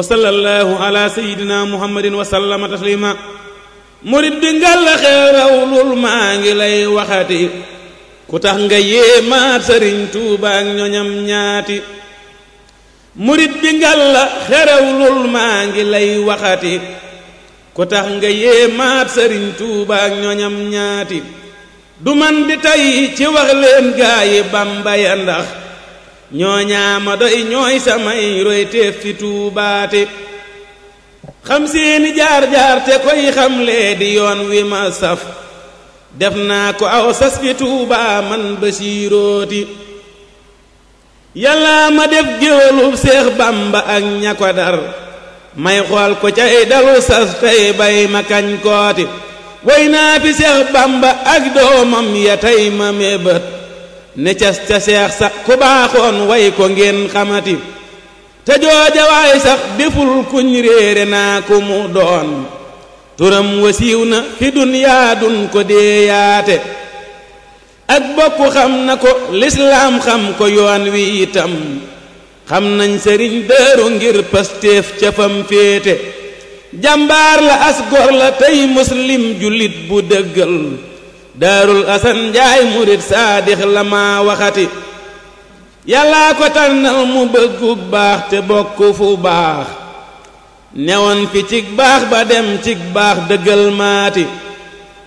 wa sallallahu ala sayidina muhammadin wa sallama taslima murit bi ngàlla xeeraw maa ngi lay waxati ku tax nga yéemaat sëriñ tuuba ak ñoñam ñaati murit bi ngàlla xeeraw maa ngi lay waxati ku tax nga yéemaat sëriñ tuuba ak ñoñam ñaati du man di tey ci wax leen gaayi bamba ndax ñoo ñaama doy ñooy samay roy teef fi tuubaate xam seeni jaar-jaar te koy xamlee di yoon wi ma saf def naa ko aw sas fi tuubaa man basiirooti yàlla ma def géwalub seex bamba ak ña dar may xool ko cay dalu sas tey bay ma kañ kooti way naa seex bamba ak doomam ya tey ma mébët ne ca ca seex sa ku baaxoon way ko ngeen xamati te jooja sax deful kuñ réere naa ku mu doon turam wasiiw na fi dunyaa dun ko deeyaate ak bokku xam na ko lislaam xam ko yoon wi itam xam nañ sëriñ dëru ngir pasteef ca fam féete jàmbaar la as gor la tey muslim jullit bu dëggal daarul asan njaay murit saadix la waxati yàllaa ko tànnal mu bëggu baax te bokk fu baax newoon fi cig baax ba dem cig baax dëggal maati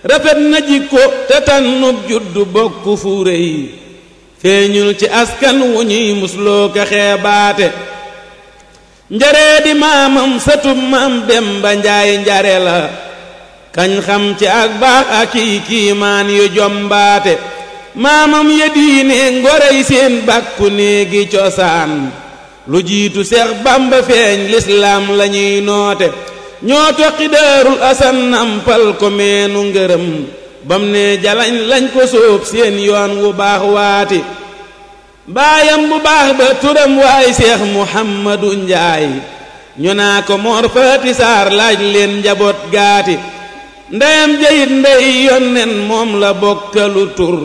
rafet na jikko te tànnub juddu bokk fu rëy feeñul ci askan wu ñuy musloo ka xeebaate njare di maamam satub maam dem ba njaay njare kañ xam ci ak baax ak i kiimaan yu jombaate maamam ya diine ngorey seen bàkku néegi cosaan lu jiitu seex bamba feeñ lislaam lañuy noote ñoo toqi daarul asan nampal ko meenu ngërëm bam ne jalañ lañ ko sóob seen yoon wu baax waati baayam bu baax ba turam waay seex muhammadu njaay ñu naa ko moor faati laaj leen njaboot gaati ndeyam jayit ndey yonnen moom la bokkalu tur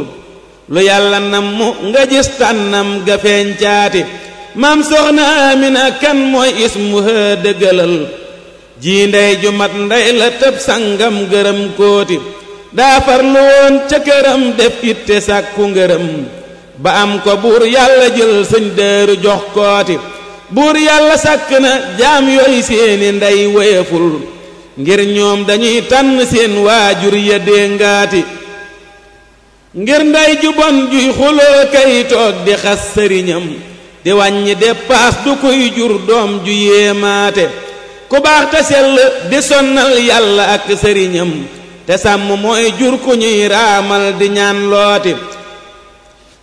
lu yàlla nam nga gis tànnam ga feeñ caati maam soxna amina kan mooy ismuha dëggalal jii ndey ju ndey la tëb sangam gërëm kooti daa farlu woon ca këram def itte sàkku ngërëm ba am ko buur yàlla jël sëñ jox kooti buur yàlla sàkk na jaam yooyu seeni ndey wéyaful ngir ñoom dañuy tan seen waajur ya déngaati ngir nday ju bon juy xuloo kay toog di xas sëriñam di wàññi dépaas du koy jur doom ju yéemaate ku baax ta sell di sonnal yàlla ak sëriñam te sàmm mooy jur ku ñuy raamal di ñaan looti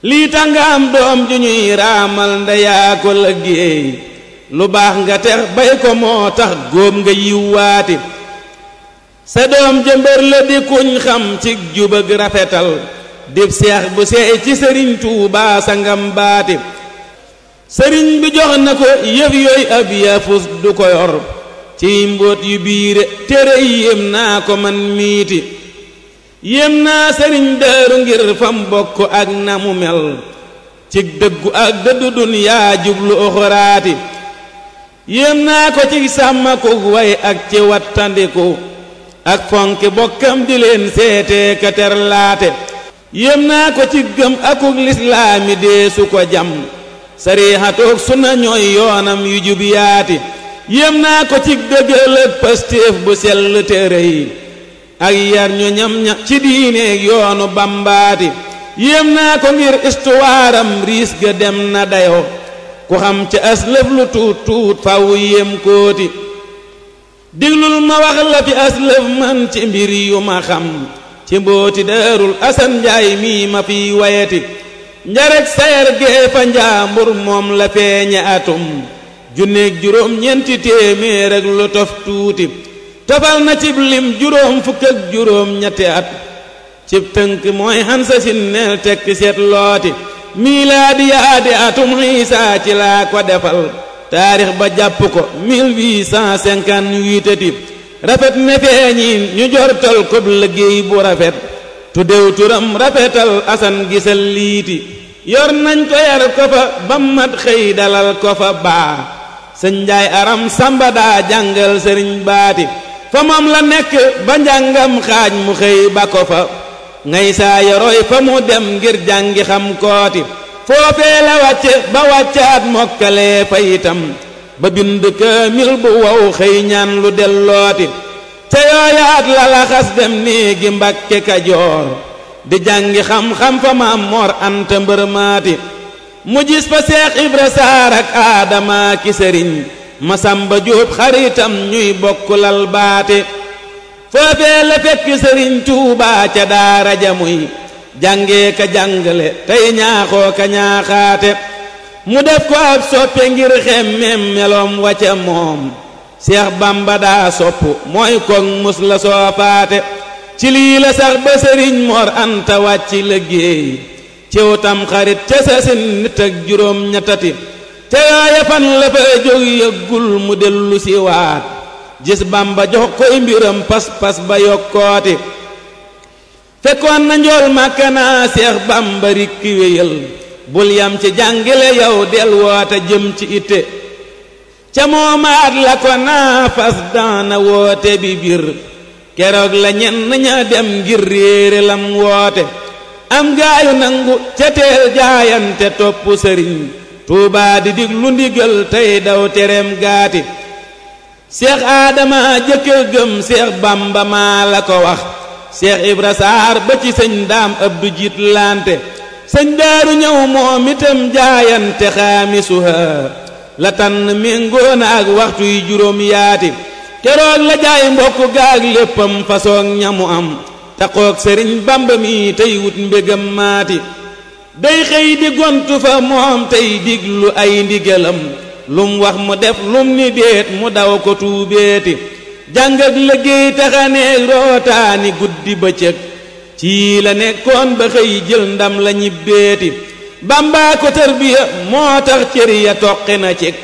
lii tanga am doom ju ñuy raamal ndeyaa ko lëggéey lu baax nga tex bay ko moo tax góom nga yiwwaati sa doom ja la di kuñ xam ci jub ak rafetal dib seex bu seey ci sëriñ Tuubaa sa ngam sëriñ bi jox na ko yëf yooy ab yafus du ko yor ciy mbóot yu biire tere yéem naa ko mën miiti yéem naa sëriñ daaru ngir fam bokk ak na mu mel ci dëggu ak dëddu dunyaa jublu oxoraati yéem naa ko ci sàmmaku way ak ci wattandiku ak fonki bokkam di leen seetee ka terlaate yéem naa ko ci gëm akuk lislaami dee ko jam sarixatoog suna ñooy yoonam yu jub yéem naa ko ci dëgël ak pastéef bu sell te rëy ak yar ñu ñam ña ci diineeg yoonu bambaati yéem naa ko ngir istuwaaram riis ga dem na dayo ku xam ca aslëf lu tuut tuut fawu yéem kooti diglul ma wax la fi aslëf man ci mbir yu ma xam ci mbooti daarul asan njaay mii ma fiy wayati njarek sayar gee njaambur moom la feeñe atum junneeg juróom ñeenti téeméer ak lu tof tuuti tofal na cib lim juróom fukk ak juróom ñetti at cib tënk mooy hansa sin neel tekki seet looti miilaadi yaadi atum xiisaa ci laa ko defal taarix ba jàpp ko 1858 ati rafet ne feeñiin ñu jortal ko liggéey bu rafet tuddew turam rafetal asan gisal liiti yor nañ ko yar ko fa ba mat xëy dalal ko fa baa sëñ njaay aram samba daa jàngal sëriñ baati fa moom la nekk ba njàngam xaaj mu xëy ba ko fa ngay yoroy fa mu dem ngir jàngi xam kooti foofee la ba wàccaat mokkalee fa itam ba bind kaamil bu wow xëy ñaan lu dellooti ca yooyaat la laxas dem nii gi mbàkke kajoor di jàngi xam-xam fa maam moor anta mbërmaati mu gis fa seex ibra saar ak ki sëriñ masamba jóob xaritam ñuy bokk lal baate foofee la sëriñ tuubaa ca daara ja jàngee ka jàngale tey ñaaxoo ka ñaaxaate mu def ko ab soppe ngir xemmem meloom wacce moom seex bamba daa sopp mooy koŋ mus la soofaate ci lii la sax ba sëriñ mor anta wàcci liggéey ciw tam xarit ca sasin nit ak juróom ñettati ca yaaya fan la fa jóg yëggul mu dellu si waat gis bamba jox koy mbiram pas-pas ba yokkooti fekkoon na njool màkkanaa seex bàmba rikki bul yam ci jàngile yow del woote jëm ci itte ca moomaat la ko naa fas daana woote bi bir keroog la ñenn ña dem ngir réere woote am gaayu nangu ca jaayante topp sëriñ tuubaa di diglu ndigal tey daw tereem gaati seex aadama jëkkal gëm seex bàmba maa la ko wax Cheikh Ibra Saar ba ci sëñ daam jiit lante sëñ ñëw moom itam jaayante xaamisuha la tànn méngoona ak waxtu juróom yaati keroog la jaay mbokk gaag léppam fasoog ñamu am taqoog sëriñ Bamba mi tey wut mbégam maati day xëy di gontu fa moom tey diglu ay ndigalam lum wax mu def lum ni déet mu daw ko tuubeeti jàng ak liggéey taxaneeg rootaani guddi bëccëg ci la nekkoon ba xëy jël ndam la ñibbeeti bambaa ko tarbiya moo tax cëri ya toqi na ceg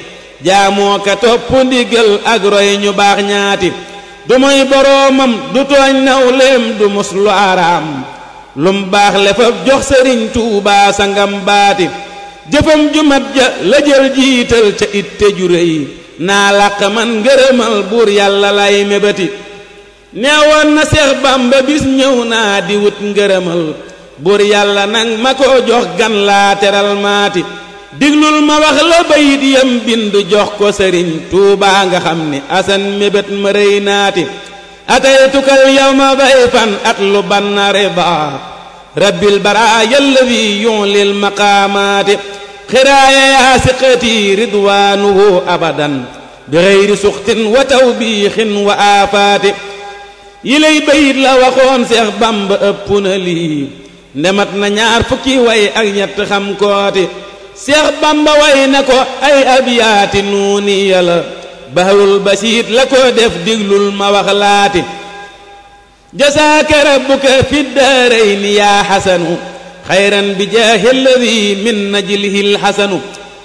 jaamoo ka topp ndigal ak roy ñu baax ñaati du moy boroomam du tooñ nawleem du mus lu araam lum baax lefab jox sëriñ tuubaa sangam jëfam ju ja la jël jiital ca itte ju réy naa làq man ngërëmal buur yàlla lay mébati neewoon na seex bamba bis ñëw naa di wut ngërëmal buur yàlla nag ma ko jox gan laa teral maati diglul ma wax la bayit yam bind jox ko sëriñ tuubaa nga xam ni asan mébét ma rëy naati ataytukal yawma dayfan ak lu banna riba rabbil bara yàlla wi yulil maqaamaati خرايا يا سقتي رضوانه ابدا بغير سخط وتوبيخ وآفات يلي بيت لا وخون شيخ بامب ابونا لي نمت نا ñar fukki way ak ñet xam koti بامب way نكو اي ابيات نوني يلا بهول بشير لكو ديف ديغلول ما وخلاتي جزاك ربك في الدارين يا حسن خيرا بجاه الذي من نجله الحسن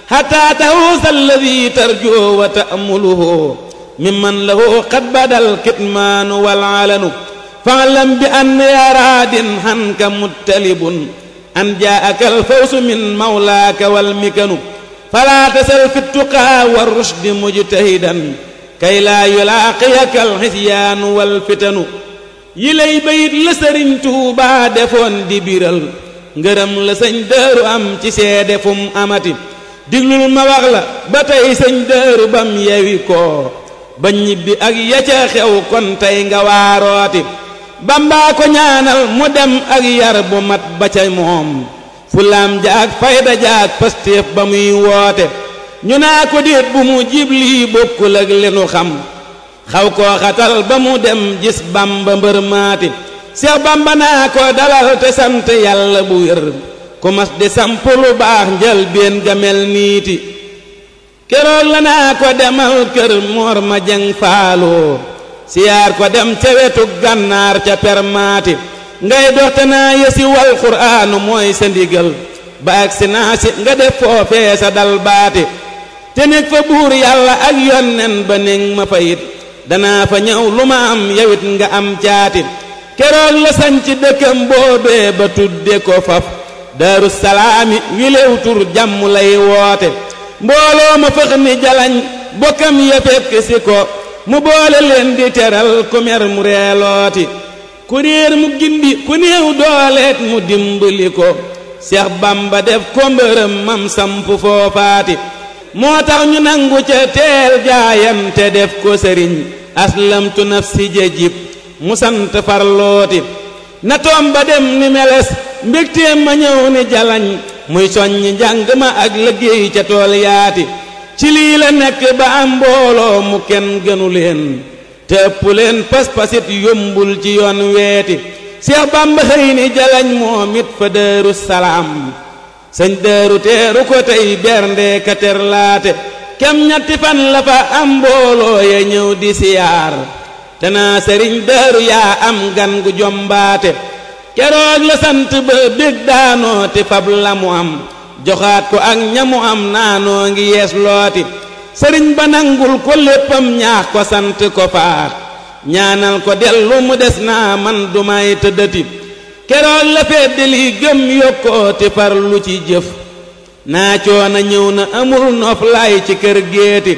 حتى تهوس الذي ترجو وتأمله ممن له قد بدا الكتمان والعلن فاعلم بأن يا راد هنك متلب أن جاءك الفوز من مولاك والمكن فلا تسل في التقى والرشد مجتهدا كي لا يلاقيك الحسيان والفتن يلي بيت لسرين توبا دفون دبيرل ngeureum la señ deeru am ci seede fum amati diglul ma wax la batay señ deeru bam yewi ko ba ñibbi ak ya ca xew kon tay nga waarooti bambaa ko ñaanal mu dem ak yar bu mat ba ca moom fulaam jaag fayda jaag pastef ba muy woote ñu na ko deet bu mu jibli bokul ak lenu xam xaw ko xatal ba mu dem gis bamba mbeur cheikh Bamba na ko dalal te sante yalla bu yeur ko mas de samp lu baax aku ga mel niiti la na ko demal keur mor ma jeng falo siar ko dem ci wetu gannar ci permati ngay doxte yasi wal Quran moy sendigal ba ak sinasi nga def fofé sa dal baati te nek fa bur yalla ak yonen ba ma fayit dana fa ñaw luma am yawit nga am ciati keroog la sanc dëkkam boobee ba tudde ko faf daaru salaami wilew lay woote mbooloo ma fëx ni jalañ bokkam ya fekk si ko mu boole leen di teral ku mer mu reelooti ku réer mu gindi ku néew dooleet mu dimbali ko seex bamba def ko mbërëm mam samp foofaati moo tax ñu nangu ca teel jaayam te def ko sëriñ aslamtu nafsi jëjib mu sant farlooti na toom ba dem ni meles mbégteem ma ñëw ni jalañ muy soññi njàng ma ak liggéey ca tool yaati ci lii la nekk ba am mbooloo mu kenn gënu leen te ëpp leen pas-pasit yombul ci yoon weeti Seex Bàmba xëy ni jalañ moom it fa dëeru salaam sëñ dëeru teeru ko tey bernde ka kem ñetti fan la fa am mbooloo ya ñëw di siyaar danaa sëriñ daaru yaa am gan gu jombaate keroog la sant ba bég daanoo te fab am joxaat ko ak ñamu am naanoo ngi yees looti sëriñ ba nangul ko léppam ñaax ko sant ko faat ñaanal ko dellu mu des naa man du may tëddati keroog la fedd li gëm yokkooti far lu ci jëf naa coona ñëw na amul nof lay ci kër géeti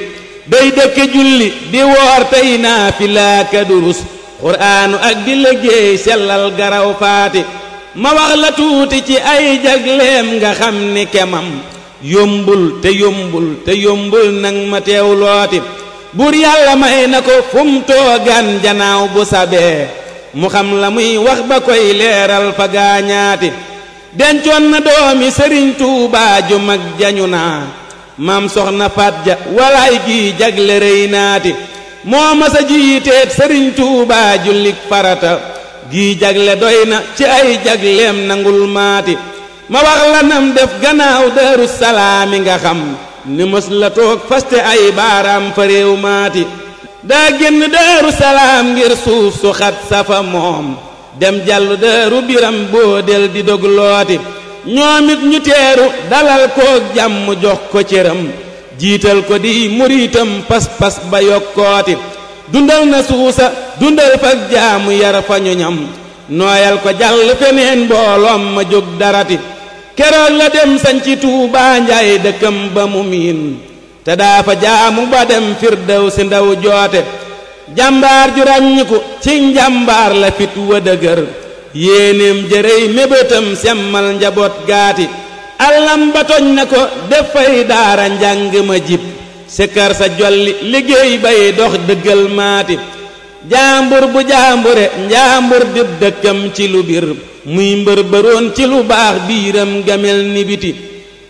day dëkke julli di woor tey naa fi laaka durus quraanu ak di liggéey sellal garaw faati ma wax la tuuti ci ay jagleem nga xam ni kemam yombul te yombul te yombul nag ma teew looti buur yàlla may na ko fum toogaan janaaw bu sabee mu xam la muy wax ba koy leeral fa gaañaati dencoon na doomi sëriñ tuubaa mag jañu naa mam soxna faat ja walaay gii jagle rëy naati moo masa jiiteet sëriñ tuubaa jullik farata gii jagle doy ci ay jagleem nangul maati ma wax def gannaaw daaru nga xam ni mës la toog faste ay baaraam fa réew maati daa génn daaru ngir suuf su safa moom dem jàllu daaru biram boo di dog looti ñoomit ñu teeru dalal koog jàmm jox ko cëram jiital ko di muriitam pas-pas ba yokkooti dundal na suusa dundal fag jaamu yar fa nooyal ko jàll feneen mbooloom ma jóg darati keroog la dem sañci Tuubaa Njaay dëkkam ba mu miin te daa fa jaamu ba dem firdaw si ndaw joote jàmbaar ju ràññiku ci la fit wa yéenéem jërëy mébétam semmal njaboot gaati allam ba toñ na ko def fay daara njàng ma jib sikkar sa jolli liggéey bay dox dëggal maati jaambur bu jaambure njaambur dib dëkkam ci lu bir muy mbër bëroon ci lu baax biiram gamel ni biti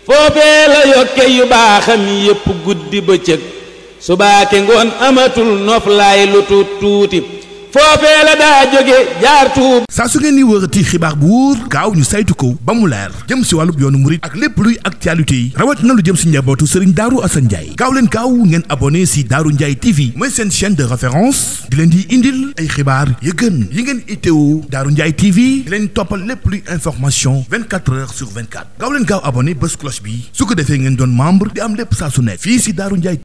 foofee la yokke yu baaxam yépp guddi bëccëg subaake ngoon amatul noflaay lu tuut tuuti foofee la daa jóge jaar tuub saa su ngeen di wërati xibaar bu wóor gaaw ñu saytu ko ba mu leer jëm si wàllub yoonu murit ak lépp luy actualité yi rawat na lu jëm si njabootu sëriñ Daaru Asan Njaay gaaw leen gaaw ngeen abonné si Daaru Njaay TV mooy seen chaîne de référence di leen di indil ay xibaar yu gën yi ngeen itteewu Daaru Njaay TV di leen toppal lépp luy information 24 heures sur 24 gaaw leen gaaw abonné bés cloche bi su ko defee ngeen doon membre di am lépp saa su ne fii si Daaru Njaay